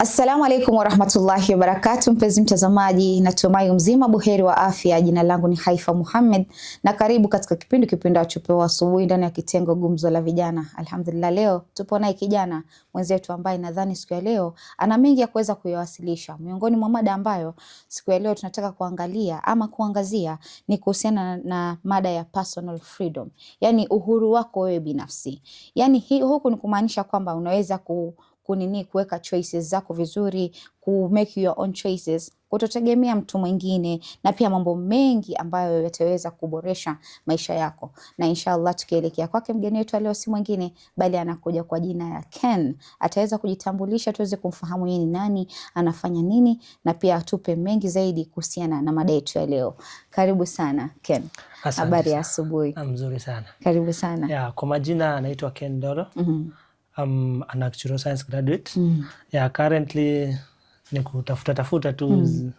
Assalamu alaikum warahmatullahi wabarakatu, mpenzi mtazamaji, natumai mzima buheri wa afya. Jina langu ni Haifa Muhammad na karibu katika kipindi kipindi Chupeo Asubuhi ndani ya kitengo gumzo la vijana. Alhamdulillah, leo tupo naye kijana mwenzetu ambaye nadhani siku ya leo ana mengi ya kuweza kuyawasilisha. Miongoni mwa mada ambayo siku ya leo tunataka kuangalia ama kuangazia ni kuhusiana na mada ya personal freedom, yani uhuru wako wewe binafsi, yani huku ni kumaanisha kwamba unaweza ku kunini kuweka choices zako vizuri, ku make your own choices, kutotegemea mtu mwingine, na pia mambo mengi ambayo yataweza kuboresha maisha yako. Na inshallah tukielekea kwake, mgeni wetu leo si mwingine bali anakuja kwa jina ya Ken. Ataweza kujitambulisha tuweze kumfahamu yeye ni nani, anafanya nini, na pia atupe mengi zaidi kuhusiana na mada yetu ya leo. Karibu sana Ken. Habari ya asubuhi. Ah, mzuri sana. Karibu sana. Ya, kwa majina anaitwa Ken Ndolo. mm -hmm. I'm a natural science graduate. Mm. Yeah, currently ni kutafuta tafuta tu mm.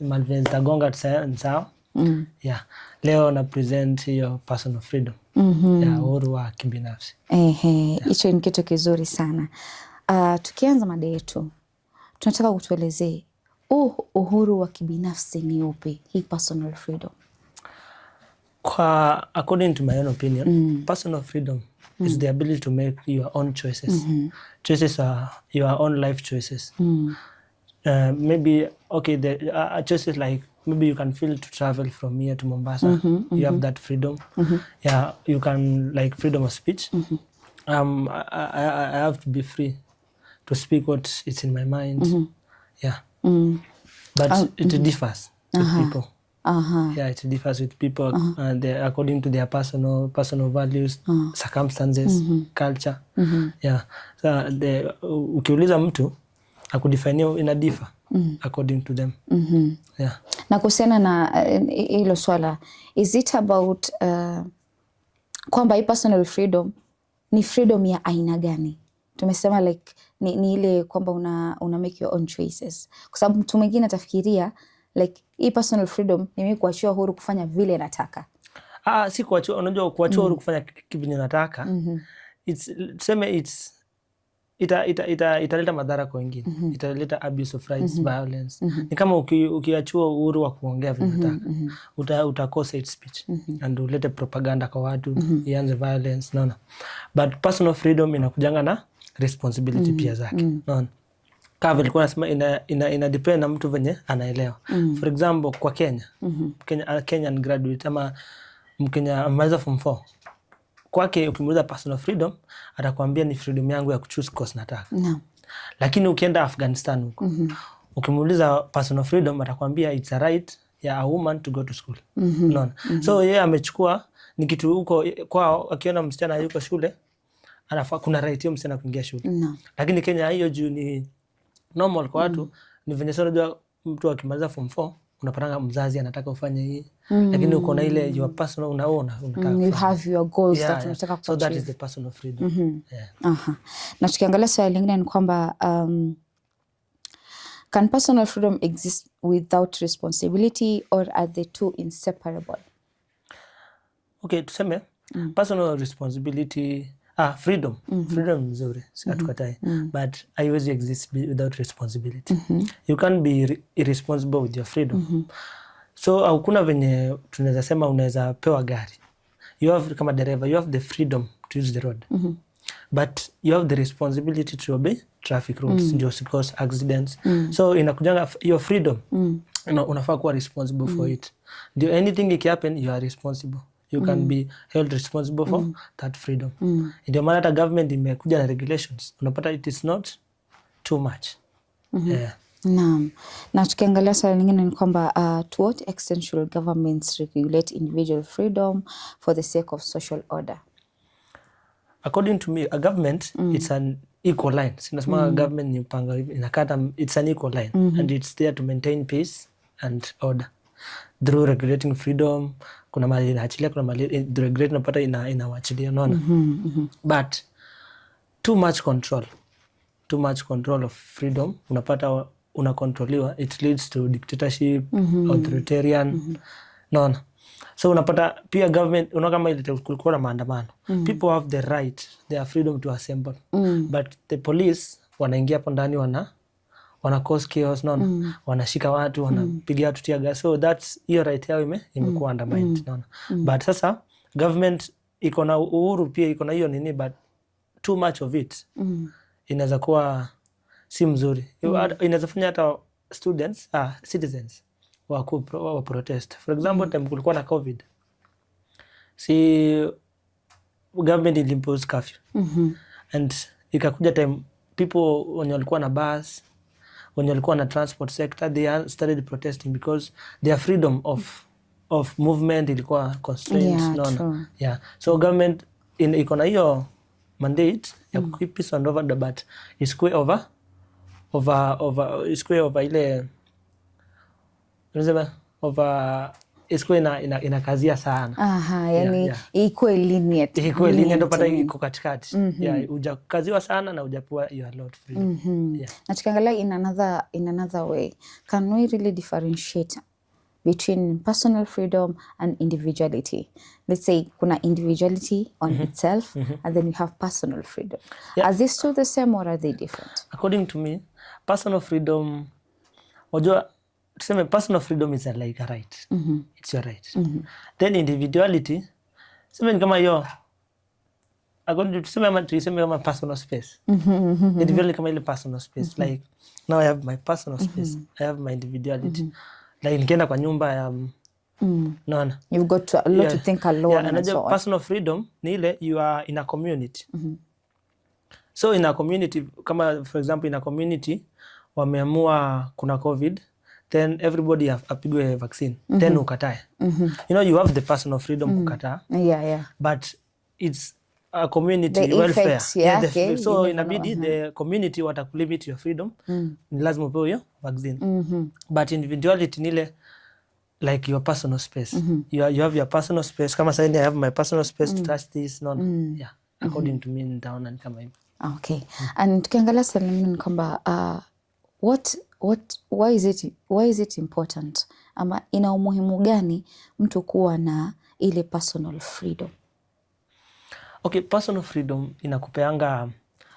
malvin zitagonga sawa. Mm. Yeah. Leo na present hiyo personal freedom mm-hmm. uhuru wa kibinafsi. Ehe, hicho ni kitu kizuri sana. Uh, tukianza mada yetu tunataka kutuelezee uh, uhuru wa kibinafsi ni upi? Hii personal freedom. Kwa according to my own opinion, mm. personal freedom mm. is the ability to make your own choices mm -hmm. choices are your own life choices mm. uh, maybe okay the uh, uh, choices like maybe you can feel to travel from here to Mombasa mm -hmm, you have mm-hmm. that freedom mm-hmm. yeah you can like freedom of speech mm-hmm. um, I, I, I have to be free to speak what is in my mind yeah mm. but I'll, um, it differs -huh. people Uh-huh. Yeah, it differs with people uh-huh. uh, they, according to their personal personal values uh-huh. circumstances mm -hmm. culture mm -hmm. yeah so the, ukiuliza mtu akudefine ina differ mm -hmm. according to them mm -hmm. yeah. Na kuhusiana na eh, hilo uh, swala is it about uh, kwamba hii personal freedom ni freedom ya aina gani? Tumesema like ni, ni ile kwamba una, una make your own choices, kwa sababu mtu mwingine atafikiria like hii personal freedom ni mimi kuachiwa huru kufanya vile nataka. Ah, si kuachiwa, unajua kuachiwa mm huru kufanya vile nataka. Mm-hmm. It's tuseme it's ita ita, ita, italeta madhara kwa wengine mm -hmm. Italeta abuse of rights mm -hmm. violence mm -hmm. Ni kama ukiachua uki uhuru wa kuongea vile mm-hmm. nataka mm -hmm. uta, utakosa hate speech mm -hmm. and ulete propaganda kwa watu mm -hmm. ianze violence, naona but personal freedom inakujanga na responsibility mm -hmm. pia zake mm -hmm. naona Kavi ilikuwa nasema ina, ina, ina depend na mtu venye anaelewa mm. For example kwa Kenya mm -hmm. Kenya, graduate ama Mkenya amemaliza form kwake, ukimuuliza personal freedom atakwambia ni freedom yangu ya kuchoose course nataka no. Lakini ukienda Afghanistan huko mm -hmm. Ukimuuliza personal freedom atakwambia it's a right ya a woman to go to school mm -hmm. Unaona mm -hmm. So mm-hmm. yeye amechukua ni kitu huko kwao, akiona msichana yuko shule anafaa kuna right hiyo msichana kuingia shule no. Lakini Kenya hiyo juu ni normal kwa watu mm. ni venye sio, unajua mtu akimaliza form 4 unapatanga mzazi anataka ufanye hii mm. lakini uko na ile your personal unaona unataka mm, you have your goals yeah, that unataka yeah. so that is the personal freedom mm -hmm. yeah. Aha. Na tukiangalia swali lingine ni kwamba um, can personal freedom exist without responsibility or are the two inseparable? Okay, tuseme mm. personal responsibility Ah, freedom. Mm -hmm. Freedom nzuri, sikatukatai. Mhm. Mm -hmm. But I always exist without responsibility. Mm -hmm. You can't be irresponsible with your freedom. Mm -hmm. So hakuna venye tunaweza sema unaweza pewa gari. You have kama dereva, you have the freedom to use the road. Mm -hmm. But you have the responsibility to obey traffic rules, mm -hmm. ndio because accidents. Mm -hmm. So inakujanga your freedom. Mm -hmm. Unafaa kuwa responsible mm -hmm. for it. Ndio anything ikihappen you are responsible you can mm. be held responsible for mm. that freedom. mm. Ndio maana hata government imekuja na regulations, unapata it is not too much mm -hmm. yeah. Naam, na tukiangalia swala lingine ni kwamba uh, to what extent should governments regulate individual freedom for the sake of social order? According to me, a government mm. it's an equal line. Sinasema mm. government ni upanga inakata, it's an equal line mm -hmm. and it's there to maintain peace and order. Mm through regulating freedom, kuna mali inaachilia, kuna mali eh, regulate unapata ina inawachilia, unaona mm -hmm, mm -hmm. but too much control too much control of freedom unapata unakontroliwa, it leads to dictatorship mm -hmm. authoritarian mm -hmm. So unapata pia government una kama ile kulikuwa na maandamano mm -hmm. people have the right, their freedom to assemble mm -hmm. but the police wanaingia hapo ndani wana wana cause chaos naona mm. wanashika watu mm. wanapiga watu tia gas, so that's hiyo right yao ime, imekuwa mm. undermined mm. naona mm. but sasa government iko na uhuru pia iko na hiyo nini, but too much of it mm. inaweza kuwa si mzuri mm. inaweza fanya hata students ah, citizens wa, ku, wa protest for example mm. time kulikuwa na covid, si government ilimpose curfew mm -hmm. and ikakuja time people wenye walikuwa na bus wenye walikuwa na transport sector they started protesting because their freedom of, of movement ilikuwa constrained yeah, naona yeah. So government iko na hiyo mandate ya mm. keep peace and order but isikuwe over over over isikuwe over ile unasema over isikuwa ina, ina, ina kazia sana. Aha, yani ikuwe linear. Ikuwe linear ndo pata iko katikati. Mm -hmm. Yeah, ujakaziwa sana na ujapewa your lot free. Mm -hmm. Yeah. Na tukiangalia in another, in another way, can we really differentiate between personal freedom and individuality. Let's say kuna individuality on mm -hmm. itself mm -hmm. and then you have personal freedom. Yeah. Are these two the same or are they different? According to me, personal freedom, wajua tuseme personal freedom is like a right. Mm -hmm. It's your right. Mm -hmm. Then individuality, tuseme ni kama hiyo tuseme ama kama personal space. Mm -hmm. Individuality kama ile personal space. Mm-hmm. Like now I have my personal space. Mm -hmm. I have my individuality. Mm -hmm. Like nikienda kwa nyumba ya um, Mm. mm. No, You've got to, a lot yeah. to think alone yeah, and so on. Personal freedom ni ile you are in a community. Mm -hmm. So in a community kama for example in a community wameamua kuna COVID Mm then everybody have apigwe vaccine mm -hmm. then ukatae mm -hmm. you know you have the personal freedom mm -hmm. kukataa yeah, yeah. but it's a community the welfare effect, yeah, yeah, the, okay. so inabidi the uh-huh. community watakulimit your freedom mm. ni lazima upewe hiyo vaccine mm -hmm. but individuality nile like your personal space mm -hmm. you, are, you have your personal space kama sasa I have my personal space mm -hmm. to touch this no, mm -hmm. yeah according mm -hmm. to me nitaona ni kama hivyo okay mm -hmm. and tukiangalia swali lingine ni kwamba uh, what what, why is it, why is it important ama ina umuhimu gani mtu kuwa na ile personal freedom? Okay, personal freedom inakupeanga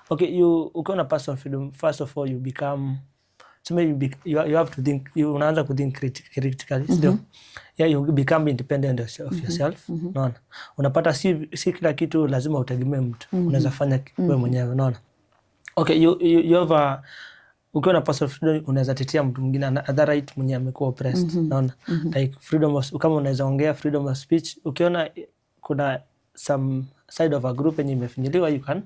okay, you ukiwa na personal freedom, first of all you become so maybe you, be, you, you have to think you unaanza ku think critically mm -hmm. Still, yeah, you become independent of mm -hmm. yourself mm -hmm. Unaona, unapata si, si kila kitu lazima utegemee mtu mm -hmm. Unaweza fanya wewe mm -hmm. mwenyewe unaona. Okay, you, you, you have a ukiwa na personal freedom unaweza tetea mtu mwingine ana other right mwenye amekuwa oppressed. mm -hmm. Naona mm -hmm. like freedom of, kama unaweza ongea freedom of speech, ukiona kuna some side of a group yenye imefinyiliwa, you can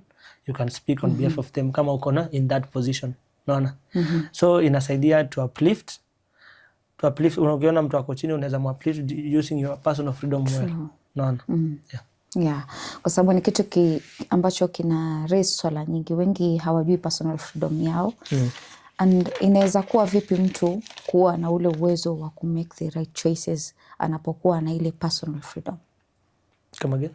you can speak on mm -hmm. behalf of them kama uko na in that position, naona mm -hmm. so inasaidia to uplift to uplift. Unakiona mtu ako chini, unaweza uplift using your personal freedom well, naona mm -hmm. yeah. Yeah, kwa sababu ni kitu ki ambacho kina raise swala nyingi, wengi hawajui personal freedom yao mm and inaweza kuwa vipi mtu kuwa na ule uwezo wa ku make the right choices anapokuwa na ile personal freedom? Kama gani?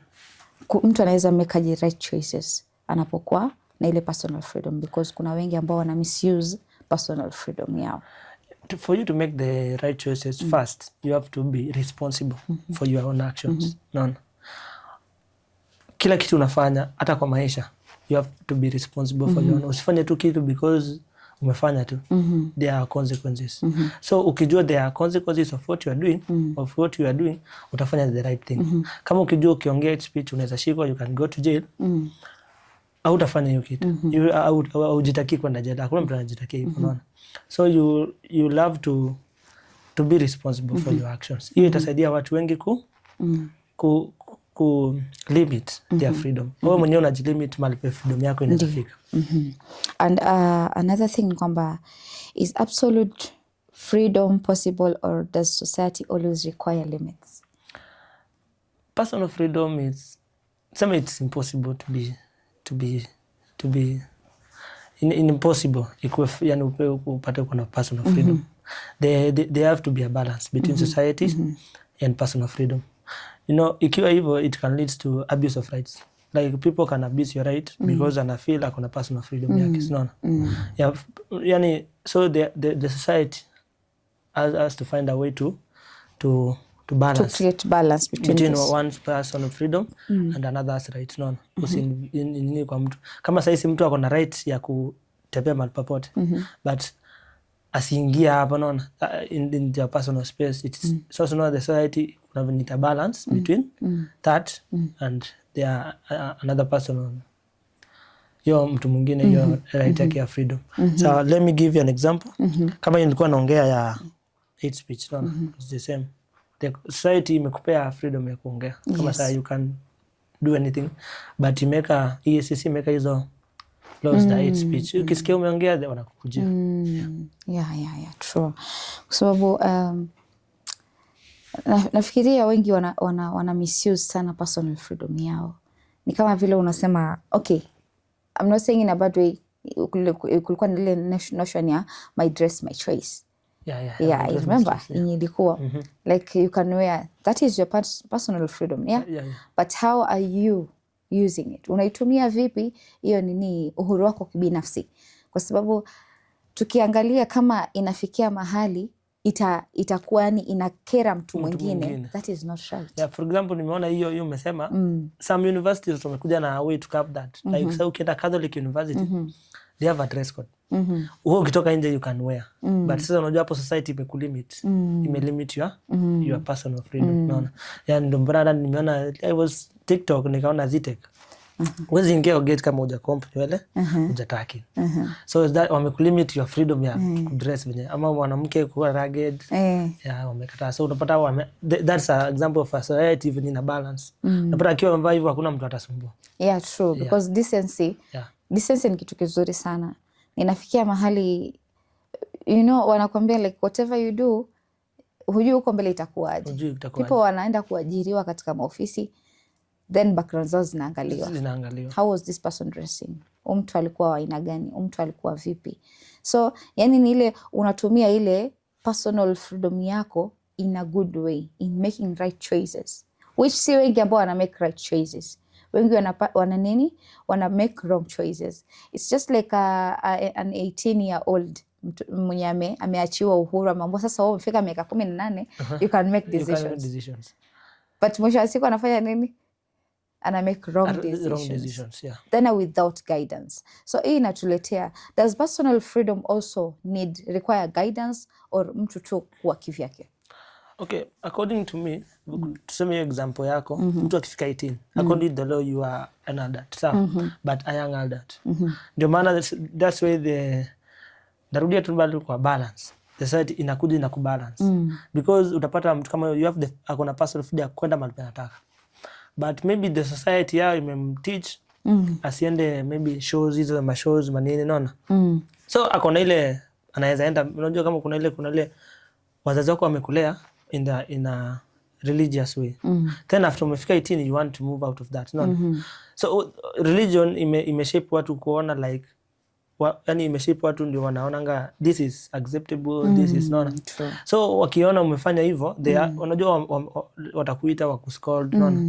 Mtu anaweza make the right choices anapokuwa na ile personal freedom because kuna wengi ambao wana misuse personal freedom yao. To, For you to make the right choices mm. first you have to be responsible mm -hmm. for your own actions. Mm -hmm. Naona kila kitu unafanya hata kwa maisha you have to be responsible for mm -hmm. your mm-hmm. own. Usifanye tu kitu because umefanya tu mm -hmm. there are consequences mm -hmm. so ukijua there are consequences of what you are doing mm -hmm. of what you are doing utafanya the right thing mm -hmm. kama ukijua ukiongea speech unaweza shikwa, you can go to jail mm -hmm. au utafanya hiyo kitu mm -hmm. au ujitakii kwenda jail hakuna mtu anajitakia hivyo, mhm. unaona. So you you love to to be responsible mm -hmm. for mhm. your actions. Hiyo itasaidia watu wengi ku mm -hmm. ku ku limit mm -hmm. their mhm. freedom. mm -hmm. mwenyewe unajilimit mahali pa freedom yako inafika. mm -hmm. And uh, another thing kwamba is absolute freedom possible or does society always require limits? Personal freedom is some it's impossible to be to be to be in, in impossible ikuwe yani upate kuna personal mhm. freedom. Mm -hmm. There, there have to be a balance between mm -hmm. society mm -hmm. and personal freedom you know, ikiwa hivyo it can lead to abuse of rights like people can abuse your right mm. because ana feel like una personal freedom mm. yake sinaona mm. yeah, yani so the, the, the society has, has to find a way to to to balance to create balance between, between this. one person freedom mm. and another's right no, Mm -hmm. in, in, in, kwa mtu kama saisi mtu ako na right ya kutembea mahali popote mm -hmm. but asiingia hapa naona uh, in, in their personal space it's mm. so, so the society Now we need a balance mm. between mm. that mm. and there uh, another person yo mtu mwingine mm -hmm. yo mm-hmm. right yake mm -hmm. ya freedom mm -hmm. So let me give you an example mm -hmm. Kama hiyo nilikuwa naongea ya hate speech no, mm -hmm. It's the same the society imekupea freedom ya kuongea kama yes. Saa you can do anything but imeka EACC imeka hizo laws mm -hmm. hate speech ukisikia umeongea wanakukujia mm yeah. Yeah, yeah, yeah. True kwa sababu um, na, nafikiria wengi wana, wana, wana misuse sana personal freedom yao. Ni kama vile unasema okay, I'm not saying in a bad way, kulikuwa na ile notion ya my dress my choice Yeah, yeah, yeah, yeah remember yenye ilikuwa mm -hmm. like you can wear that is your personal freedom yeah? Yeah, yeah. But how are you using it? Unaitumia vipi hiyo nini uhuru wako kibinafsi? Kwa sababu tukiangalia kama inafikia mahali ita, itakuwa yani inakera mtu mtu mwingine. That is not right. Yeah, for example nimeona hiyo hiyo umesema mm. some universities wamekuja na way to cap that mm -hmm. like mm-hmm. sasa ukienda Catholic university mm -hmm. they have a dress code mm -hmm. Uwe ukitoka nje you can wear mm -hmm. but sasa unajua hapo society imekulimit mm -hmm. imelimit your, mm -hmm. your personal freedom mm -hmm. naona yani ndio mbona nimeona I was TikTok nikaona Zitek Mm-hmm. Huwezi ingia kama hujacomb nywele, mm-hmm. mm-hmm. So your freedom ya mm. venye ama mwanamke kuwa ragged, eh. wamekataa. So unapata that's an example of a society venye balance. Mm. Unapata akiwa amevaa hivyo hakuna mtu atasumbua. Yeah, true because decency. Decency ni kitu kizuri sana. Inafikia mahali you know wanakwambia like whatever you do hujui huko mbele itakuwaje. People wanaenda kuajiriwa katika maofisi then background zao zinaangaliwa. Zinaangaliwa. How was this person dressing? Mtu alikuwa wa aina gani? Mtu alikuwa vipi? So yani ni ile unatumia ile personal freedom yako in a good way in making right choices, which si wengi ambao wana make right choices. Wengi wana, wana nini wana make wrong choices. It's just like a, a, an 18 year old mwenye ameachiwa uhuru ambao sasa, wao umefika miaka kumi na nane uh-huh. you can make decisions, but mwisho wa siku anafanya nini? and I make wrong and decisions, wrong decisions yeah. Then I without guidance. So hii inatuletea, does personal freedom also need require guidance or mtu tu kuwa kivyake? Okay, according to me mm. -hmm. Tuseme hiyo example yako mm -hmm. Mtu akifika 18 mm -hmm. according to the law you are an adult sawa mm -hmm. But a young adult mm -hmm. Ndio maana that's, that's why the darudia tu bado kwa balance society inakuja inakubalance mm. Because utapata mtu kama you have the akona personal freedom ya kwenda mahali anataka but maybe the society yao imemteach mm. asiende maybe shows hizo mashows manini naona mm. so akona ile anaweza enda, unajua kama kuna ile kuna ile wazazi wako wamekulea in the in a religious way mm. then after umefika 18 you want to move out of that naona mm -hmm. so religion ime, ime shape watu kuona like wa, yani imeship watu ndio wanaonanga this is acceptable mm, this is mm, not true. So wakiona umefanya hivyo they mm. unajua wa, wa, watakuita wakuscold mm. naona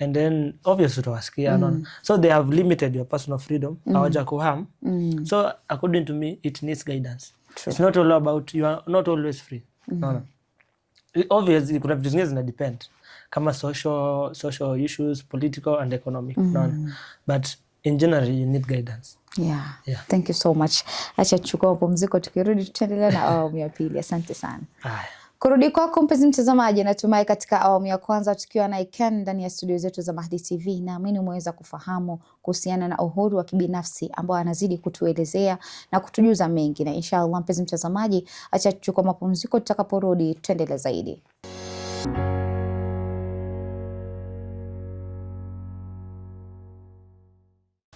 and then obviously utawasikia mm. naona so they have limited your personal freedom mm. hawaja kuharm mm. so according to me it needs guidance true. It's not all about you are not always free mm. naona obviously kuna vitu zingine zina depend kama social, social issues political and economic mm. naona but in general you need guidance. Yeah. Yeah. Thank you so much. Acha chukua mapumziko, tukirudi tutaendelea na awamu ya pili. Asante sana. Kurudi kwako mpenzi mtazamaji, natumai katika awamu ya kwanza tukiwa na Iken ndani ya studio zetu za Mahdi TV, naamini umeweza kufahamu kuhusiana na uhuru wa kibinafsi ambao anazidi kutuelezea na kutujuza mengi, na inshallah mpenzi mtazamaji, acha tuchukua mapumziko, tutakaporudi tutaendelea zaidi.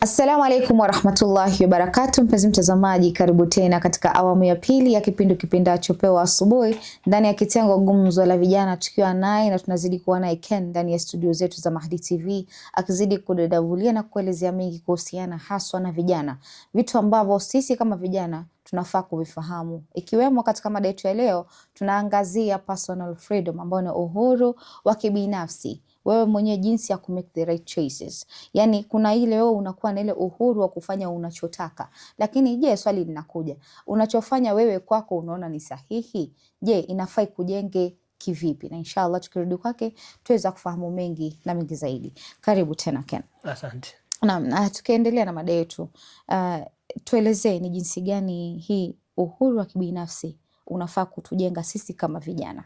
Assalamu alaikum warahmatullahi wabarakatu, mpenzi mtazamaji, karibu tena katika awamu ya pili ya kipindi kipendacho Pewa Asubuhi ndani ya kitengo Gumzo la Vijana, tukiwa naye na tunazidi kuwa naye Ken ndani ya studio zetu za Mahdi TV akizidi kudadavulia na kuelezea mengi kuhusiana haswa na vijana, vitu ambavyo sisi kama vijana tunafaa kuvifahamu ikiwemo katika mada yetu ya leo tunaangazia personal freedom ambayo ni uhuru wa kibinafsi wewe mwenye jinsi ya kumake the right choices. Yani kuna ile wewe unakuwa na ile uhuru wa kufanya unachotaka, lakini je, swali linakuja, unachofanya wewe kwako unaona ni sahihi? Je, inafai kujenge kivipi? Na inshallah tukirudi kwake tuweza kufahamu mengi na mengi zaidi. Karibu tena Ken. Asante. Naam, tukiendelea na mada yetu uh, tuelezee ni jinsi gani hii uhuru wa kibinafsi unafaa kutujenga sisi kama vijana.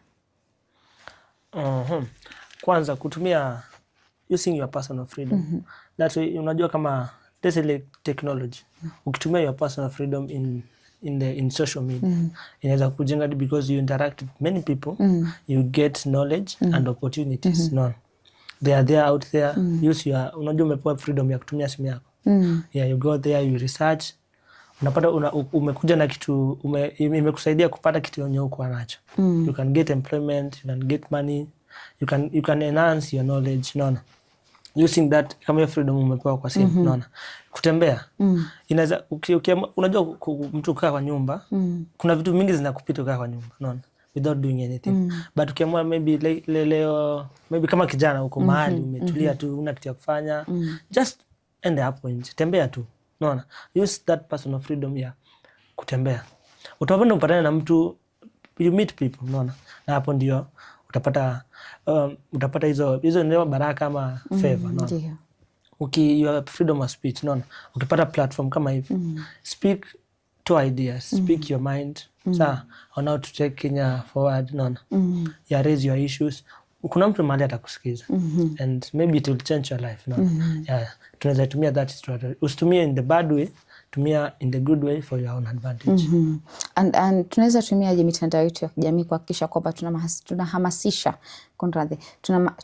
uh mhm. -huh kwanza kutumia using your personal freedom. Mm -hmm. That way, unajua kama this is technology. Ukitumia your personal freedom in in the in social media mm -hmm. inaweza kujenga because you interact with many people mm -hmm. you get knowledge mm -hmm. and opportunities mm -hmm. no they are there out there mm -hmm. use your unajua umepewa freedom ya kutumia simu yako mm -hmm. yeah you go there you research unapata una, umekuja na kitu ume, imekusaidia kupata kitu yenye uko nacho mm you can get employment you can get money you can, you can enhance your knowledge unaona using that kama freedom umepewa kwa simu mm -hmm. Unaona kutembea mm. Inaweza unajua mtu kaa kwa nyumba mm. Kuna vitu mingi zinakupita kaa kwa nyumba unaona without doing anything mm. But ukiamua maybe le, le, leo maybe kama kijana uko mahali mm -hmm. umetulia mm -hmm. tu una kitu ya kufanya mm. Just end up nje, tembea tu unaona, use that personal freedom ya kutembea, utapenda kupatana na mtu you meet people unaona, na hapo ndio utapata um, utapata hizo hizo mm-hmm. ndio baraka ama favor, mm, no? Uki, you have freedom of speech no? Ukipata platform kama hivi mm. Speak to ideas, mm-hmm. speak mm. your mind mm. sa on how to take Kenya forward no? Mm. Ya raise your issues kuna mtu mahali atakusikiza mm -hmm. and maybe it will change your life no? mm -hmm. yeah, tunaweza tumia that strategy, usitumie in the bad way tumia in the good way for your own advantage. Mm -hmm. And, and tunaweza tumiaje mitandao yetu ya kijamii kuhakikisha kwamba tunahamasisha kunradhi,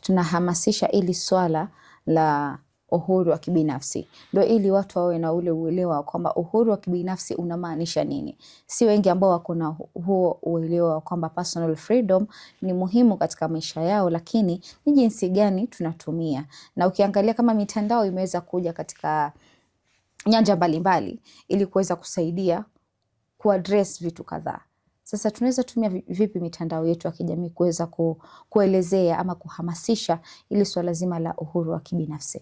tunahamasisha ili swala la uhuru wa kibinafsi ndio, ili watu wawe na ule uelewa kwamba uhuru wa kibinafsi unamaanisha nini. Si wengi ambao wako na huo uelewa kwamba personal freedom ni muhimu katika maisha yao, lakini ni jinsi gani tunatumia. Na ukiangalia kama mitandao imeweza kuja katika nyanja mbalimbali ili kuweza kusaidia kuaddress vitu kadhaa. Sasa tunaweza tumia vipi mitandao yetu ya kijamii kuweza ku, kuelezea ama kuhamasisha ili swala zima la uhuru wa kibinafsi?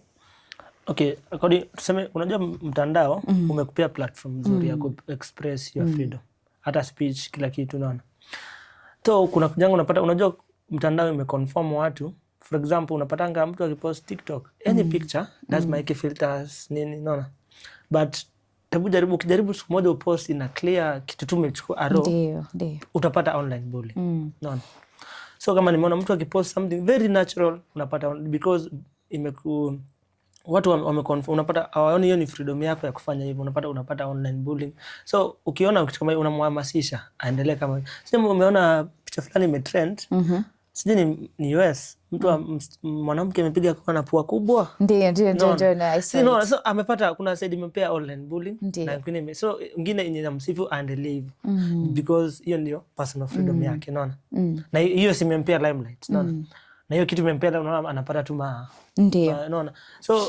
Okay, Kodi, tuseme unajua mtandao mm. umekupea platform nzuri ya mm. ku express your mm. freedom. Hata speech kila kitu unaona. To kuna kujanga unapata unajua mtandao imeconform watu. For example, unapatanga mtu akipost TikTok, any mm. picture, lazima mm. filters nini unaona? but tabu jaribu, ukijaribu siku moja upost ina clear kitu tu umechukua aro, ndio ndio utapata online bully mm. no. So kama nimeona mtu akipost something very natural unapata because imeku watu wameconfirm, unapata hawaoni hiyo ni freedom yako ya kufanya hivyo, unapata unapata online bullying. So ukiona kitu kama unamhamasisha aendelee kama sema, umeona picha fulani imetrend mm -hmm sijui ni, ni US mtu mm. mwanamke amepiga kona na pua kubwa, ndio ndio ndio ndio, na si no, so amepata kuna said imempea online bullying na wengine, so wengine yenye namsifu and leave mm. because hiyo ndio personal freedom mm. yake, unaona mm. na hiyo si imempea limelight, unaona mm. na hiyo kitu imempea, unaona anapata tu ma ndio, unaona so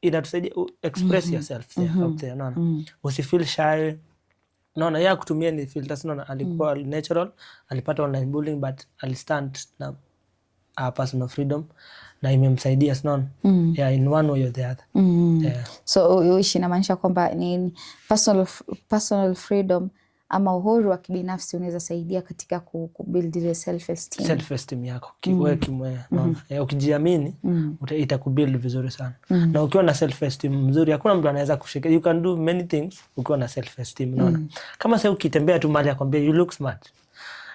inatusaidia express mm -hmm. yourself there, mm -hmm. out there, unaona mm. usifeel shy naona yeye akutumia ni filters, naona alikuwa mm. natural, alipata online bullying but alistand na uh, personal freedom na imemsaidia sinaona mm. yeah, in one way or the other mm. yeah. so uishi inamaanisha kwamba ni personal, personal freedom ama uhuru wa kibinafsi unaweza saidia katika ku, ku build ile self esteem. Self esteem yako kiwe mm-hmm. kimwe mm-hmm. eh, ukijiamini mm-hmm. ita ku build vizuri sana mm -hmm. na ukiwa na self esteem mzuri hakuna mtu anaweza kushika. You can do many things ukiwa na self esteem unaona mm -hmm. kama sasa ukitembea tu mali akwambia you look smart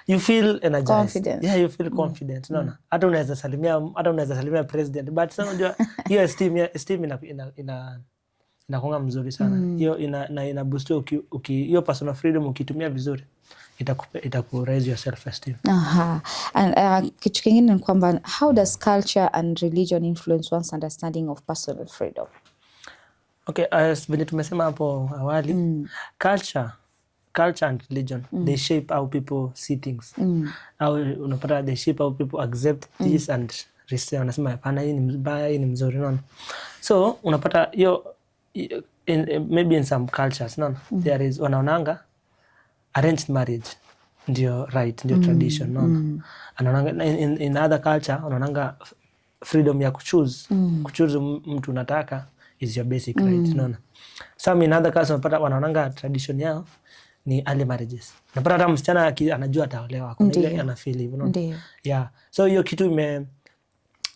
you feel energized. Yeah, you feel confident. Mm. Naona hata unaweza salimia hata unaweza salimia president but sasa unajua hiyo esteem esteem ina, ina, ina inakuwa mzuri sana mm. hiyo mm. ina, na ina boost hiyo personal freedom ukitumia vizuri itaku raise your self esteem. Aha. And, uh, kitu kingine ni kwamba how does culture and religion influence one's understanding of personal freedom? Okay, as venye tumesema hapo awali mm. culture culture and religion mm. they shape how people see things mm. how unapata they shape how people accept mm. this and and wanasema hapana, hii ni mbaya, hii ni mzuri, unaona so unapata hiyo in, in, maybe in some cultures no, mm. -hmm. there is wanaonanga arranged marriage ndio right ndio mm. tradition no, mm. Mm-hmm. anaonanga in, in in other culture wanaonanga freedom ya kuchoose mm. kuchoose mtu unataka is your basic mm right mm. no, some in other cultures unapata wanaonanga tradition yao ni early marriages. Napata hata msichana anajua ataolewa, kuna ile anafeel hivyo, no? Yeah, so hiyo kitu ime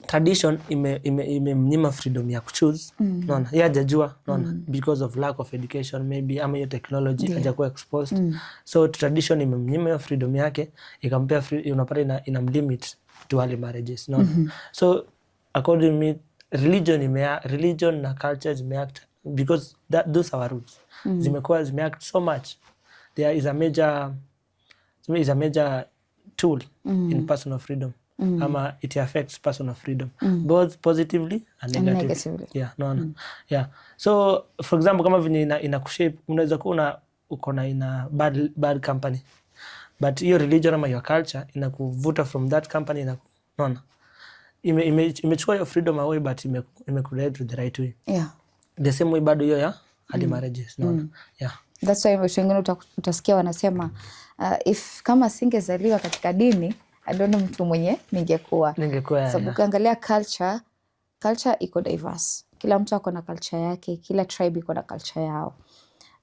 tradition imemnyima ime, ime freedom ya kuchoose mm. Naona yeye hajajua naona mm. because of lack of education maybe ama hiyo technology hajakuwa yeah. exposed mm. so tradition imemnyima hiyo freedom yake ikampea free, unapata ina, ina limit to early marriages naona mm -hmm. so according to me religion ime religion na culture zimeact because that, those our roots mm. zimekuwa zimeact so much there is a major is a major tool mm. in personal freedom mm mm. ama it affects personal freedom mm. both positively and negatively, negatively. Yeah, no, no. Mm. Yeah. So for example kama venye ina, ina kushape unaweza kuwa una uko na ina bad, bad company but hiyo religion ama your culture inakuvuta from that company inaku, naona imechukua your freedom away but imekulead to the right way yeah. the same way bado hiyo ya early mm. marriages no, naona mm. yeah. That's why watu wengine utasikia wanasema uh, if kama singezaliwa katika dini adoni mtu mwenye ningekuwa, sababu ukiangalia culture, culture iko diverse, kila mtu ako na culture yake, kila tribe iko na culture yao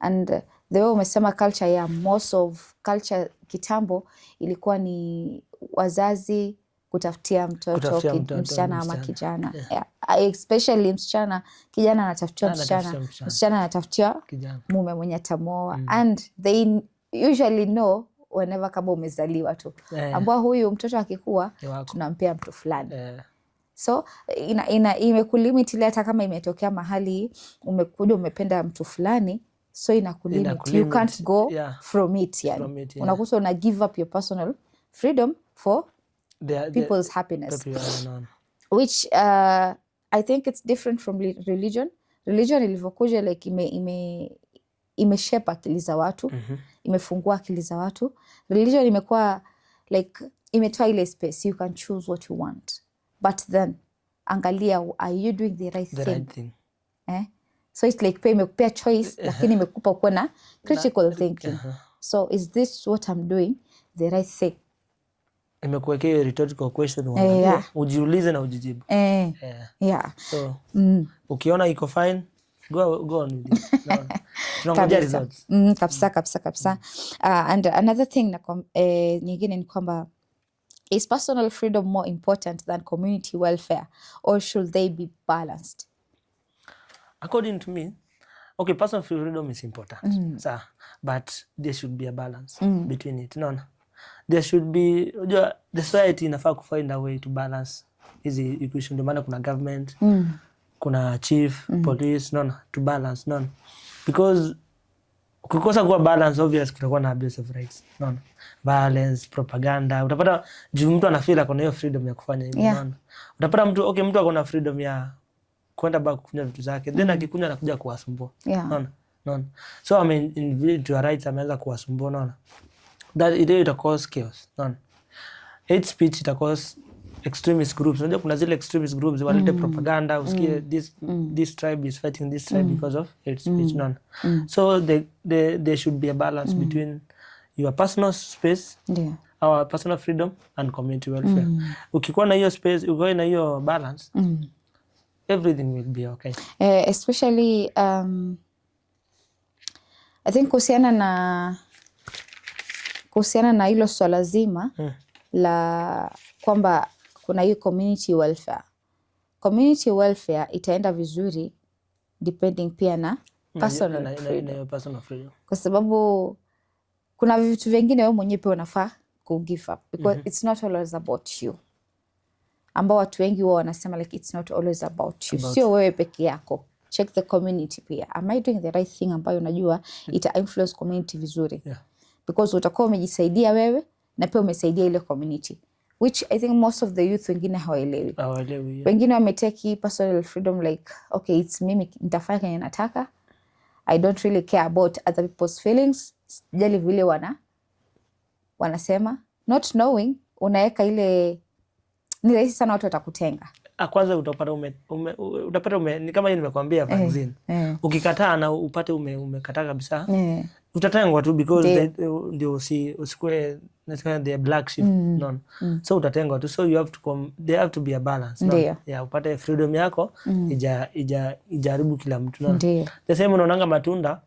and the way umesema culture ya yeah, most of culture kitambo ilikuwa ni wazazi kutafutia mtoto msichana ama kijana yeah. Yeah. especially msichana kijana anatafutiwa msichana msichana anatafutiwa mume mwenye tamoa mm. and they usually know whenever kama umezaliwa tu yeah. ambao huyu mtoto akikua tunampea mtu fulani yeah. So ina, ina, imekulimit ile hata kama imetokea mahali umekuja umependa mtu fulani so inakulimit. ina You can't go yeah. from it yani. From it, yeah. Unakuta una give up your personal freedom for the, people's the, happiness people which uh, I think it's different from religion. Religion ilivyokuja like ime, ime, ime shape akili za watu mm -hmm imefungua akili za watu. Religion imekuwa like imetoa ile space, you can choose what you want but then angalia, are you doing the right the thing, right thing. Eh? so it's like pay imekupea choice uh-huh. lakini imekupa ukuwe na critical that, thinking uh-huh. so is this what I'm doing the right thing imekuwekea rhetorical question eh, ujiulize na ujijibu. Eh, eh, yeah. So, mm. Ukiona iko fine Mm, mm. kabisa. kabisa kabisa ah, and another thing na eh, nyingine ni kwamba is personal freedom more important than community welfare or should they be balanced? According to me, okay, personal freedom is important. Mm. but there should be a balance mm. between it. No, no. There should be, the society inafaa kufind a way to balance hizi equation, ndio maana kuna government mm kuna chief mm -hmm. police, non to balance, non because ukikosa kuwa balance, obvious kutakuwa na abuse of rights, non violence, propaganda. Utapata juu mtu anafeel ako na hiyo freedom ya kufanya hivyo yeah. non utapata mtu okay, mtu akona freedom ya kwenda ba kukunywa vitu zake then mm -hmm. akikunywa anakuja kuwasumbua yeah. non non so I mean into to rights ameanza kuwasumbua, non that ile ita cause chaos, non hate speech it cause extremist groups. Unajua kuna zile extremist groups walete mm. propaganda, usikie mm. this mm. this tribe is fighting this tribe because of hate speech. None. So the the there should be a balance between your personal space, yeah, our personal freedom and community welfare. Ukikuwa na hiyo space, ukikuwa na hiyo balance, everything will be okay. Uh, especially um, I think kuhusiana na kuhusiana na hilo swala zima yeah, la kwamba kuna hii community welfare. Community welfare itaenda vizuri depending pia na personal freedom, kwa sababu kuna vitu vingine wewe mwenyewe pia unafaa ku give up because mm -hmm. it's not always about you, ambao watu wengi wao wanasema like it's not always about you, sio wewe peke yako check the community pia, am I doing the right thing ambayo unajua ita influence community vizuri yeah. Because utakuwa umejisaidia wewe na pia umesaidia ile community which I think most of the youth wengine hawaelewi. Hawaelewi. Yeah. Wengine wameteki personal freedom like okay, it's mimi nitafanya kenye nataka. I don't really care about other people's feelings. Sijali vile wana wanasema not knowing unaweka ile ni rahisi sana watu watakutenga. Ah, kwanza utapata ume, ume, utapata ume, ni kama hiyo nimekwambia vaccine. Eh, eh. Ukikataa na upate ume umekataa kabisa. Eh utatengwa tu because eh, ndio usikue the black sheep mm. non mm. so utatengwa tu so you have to come, there have to be a balance no? yeah, upate freedom yako mm. ija, ija, ijaribu kila mtu no? the same unaonanga matunda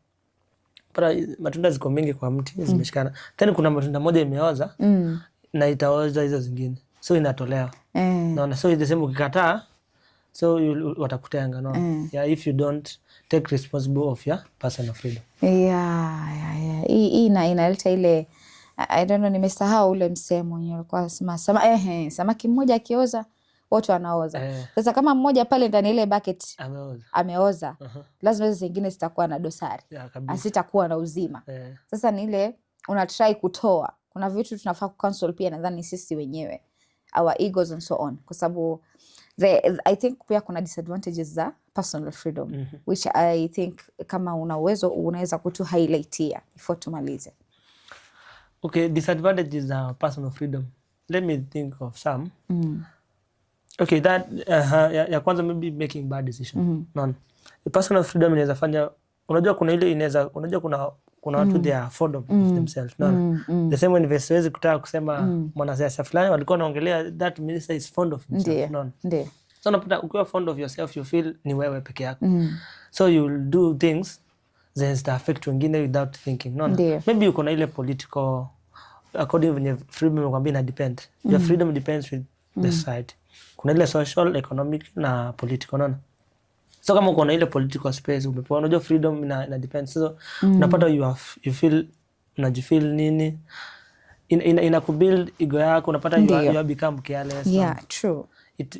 pata matunda ziko mingi kwa mti mm. zimeshikana then kuna matunda moja imeoza mm. na itaoza hizo zingine so inatolewa mm. Eh. naona so the same ukikataa so watakutenga no? mm. Eh. yeah, if you don't take responsible of your personal freedom. Yeah, yeah, yeah. Hii ina inaleta ile I don't know, nimesahau ule msemo wenyewe ulikuwa unasema sama, eh, samaki mmoja akioza wote wanaoza. Eh. Sasa kama mmoja pale ndani ile bucket ameoza, ameoza. Uh -huh. Lazima hizo zingine zitakuwa na dosari yeah, asitakuwa na uzima eh. Sasa ni ile una try kutoa, kuna vitu tunafaa kucounsel pia, nadhani sisi wenyewe our egos and so on, kwa sababu I think pia kuna disadvantages za personal freedom mm -hmm. which I think kama una uwezo unaweza kutu highlightia before tumalize. Okay, disadvantages za personal freedom. Let me think of some. Mm. Okay, that uh, ya, ya kwanza maybe making bad decision. Mm -hmm. None. The Personal freedom inaweza fanya unajua kuna ile inaweza unajua kuna kuna watu mm. they are fond of mm. themselves. No, mm. Mm. The same when vesi wezi kutaka kusema mm. mwanasiasa fulani walikuwa wanaongelea that minister is fond of himself. no Ndio. So unapata ukiwa fond of yourself you feel ni wewe peke yako mm. So will do things zita affect wengine without thinking no, Maybe uko na ile political according to your freedom imekwambia na depend Your mm. freedom depends with the mm. side. Kuna ile social economic na political No, so kama uko na ile political space umepewa, unajua freedom ina, ina depend so mm. unapata you have, you feel unajifeel nini ina, ina, ina kubuild ego yako unapata you, you have become careless yeah, true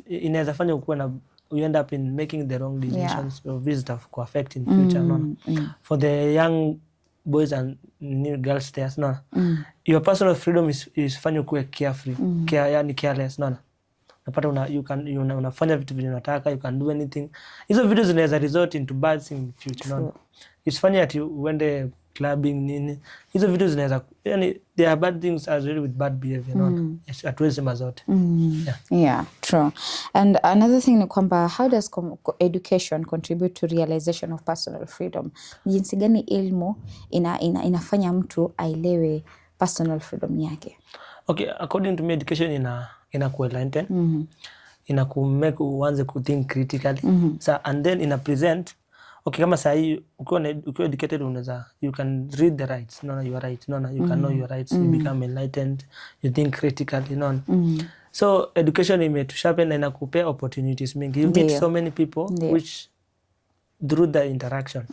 inaweza fanya ukuwa na you end up in making the wrong decisions yeah. or could affect in future mm, no? mm. for the young boys and new girls there no? mm. your personal freedom is, is fanya ukuwe carefree mm. care, yani careless no? una, you can, you una, unafanya vitu vile unataka you can do anything hizo vitu zinaweza result into bad things in future no? clubbing nini, hizo vitu zinaweza yani, there are bad things as well with bad behavior mm. Yes, hatuwezi sema zote mm. yeah. yeah, true and another thing ni kwamba how does education contribute to realization of personal freedom? Jinsi gani elimu ina, ina, inafanya mtu aelewe personal freedom yake? Okay, according to me education ina inaku enlighten mm -hmm. inaku make uanze kuthink critically mm -hmm. so, and then ina present Okay, kama sahi ukiwa ukiwa educated unaweza you can read the rights. Unaona you are right. Unaona you can know mm. your rights. You mm. become enlightened. You think critically. Unaona. Mm. So education imetushapen na inakupea opportunities mingi. You meet so many people which through the interaction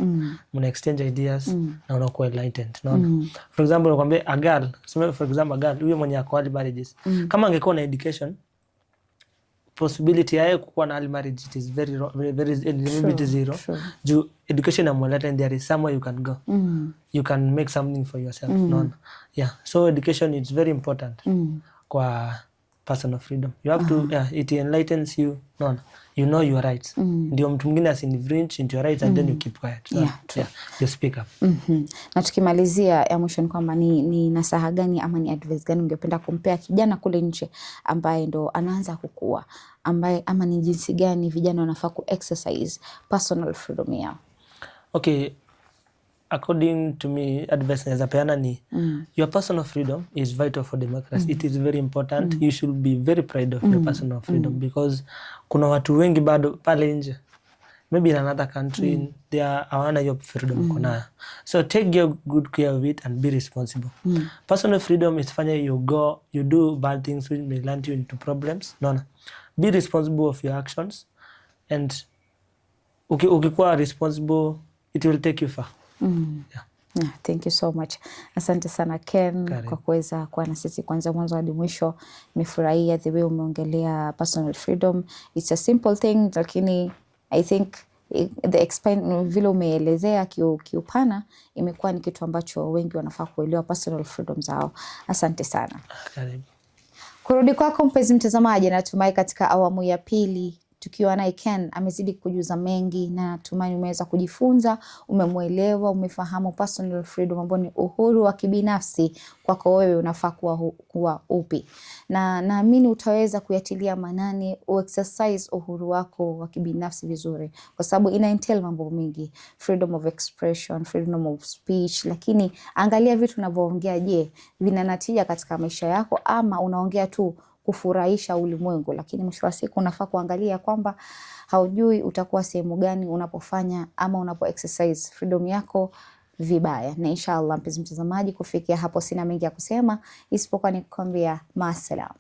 mna exchange ideas na unakuwa enlightened. Unaona. For example, nakwambia a girl, for example a girl, huyo mwenye akwali early marriages. Kama angekuwa na education possibility yaye kukuwa na early it is very very, very limited zero juu education amwaleta and there is somewhere you can go mm. you can make something for yourself mm. non yeah so education is very important mm. kwa personal freedom you have uh -huh. to ah. yeah, it enlightens you no, no. you know your rights mm. Ndio mtu mwingine asinivrinch into your rights and mm. then you keep quiet so, yeah, yeah, you speak up mm -hmm. Na tukimalizia ya mwisho ni kwamba ni, ni nasaha gani ama ni advice gani ungependa kumpea kijana kule nje ambaye ndo anaanza kukua ambaye ama ni jinsi gani vijana wanafaa ku exercise personal freedom yao? Okay, according to me advice naweza peana ni mm. your personal freedom is vital for democracy mm. it is very important mm. you should be very proud of mm. your personal freedom mm. because kuna watu wengi bado pale nje maybe in another country mm. they are awana your freedom mm. kuna so take your good care of it and be responsible mm. personal freedom is fanya you go you do bad things which may land you into problems no, no. be responsible of your actions and ukikuwa responsible it will take you far mm. yeah. Yeah, thank you so much. Asante sana Ken Kari, kwa kuweza kuwa na sisi kwanza mwanzo hadi mwisho. Nimefurahia the way umeongelea personal freedom. It's a simple thing, lakini I think eh, the expand vile umeelezea kiupana imekuwa ni kitu ambacho wengi wanafaa kuelewa personal freedom zao. Asante sana. Karibu. Kurudi kwako mpenzi mtazamaji, natumai katika awamu ya pili tukiwa naye Ken amezidi kujuza mengi, na tumai umeweza kujifunza, umemwelewa, umefahamu personal freedom ambao ni uhuru wa kibinafsi kwako wewe unafaa kuwa, kuwa upi, na naamini utaweza kuyatilia manani uexercise uhuru wako wa kibinafsi vizuri, kwa sababu ina entail mambo mengi, freedom of expression, freedom of speech, lakini angalia vitu unavyoongea, je, vina natija katika maisha yako ama unaongea tu kufurahisha ulimwengu, lakini mwisho wa siku unafaa kuangalia kwamba haujui utakuwa sehemu gani unapofanya ama unapo exercise freedom yako vibaya. Na inshallah, mpenzi mtazamaji, kufikia hapo sina mengi ya kusema isipokuwa nikukwambia maasalam.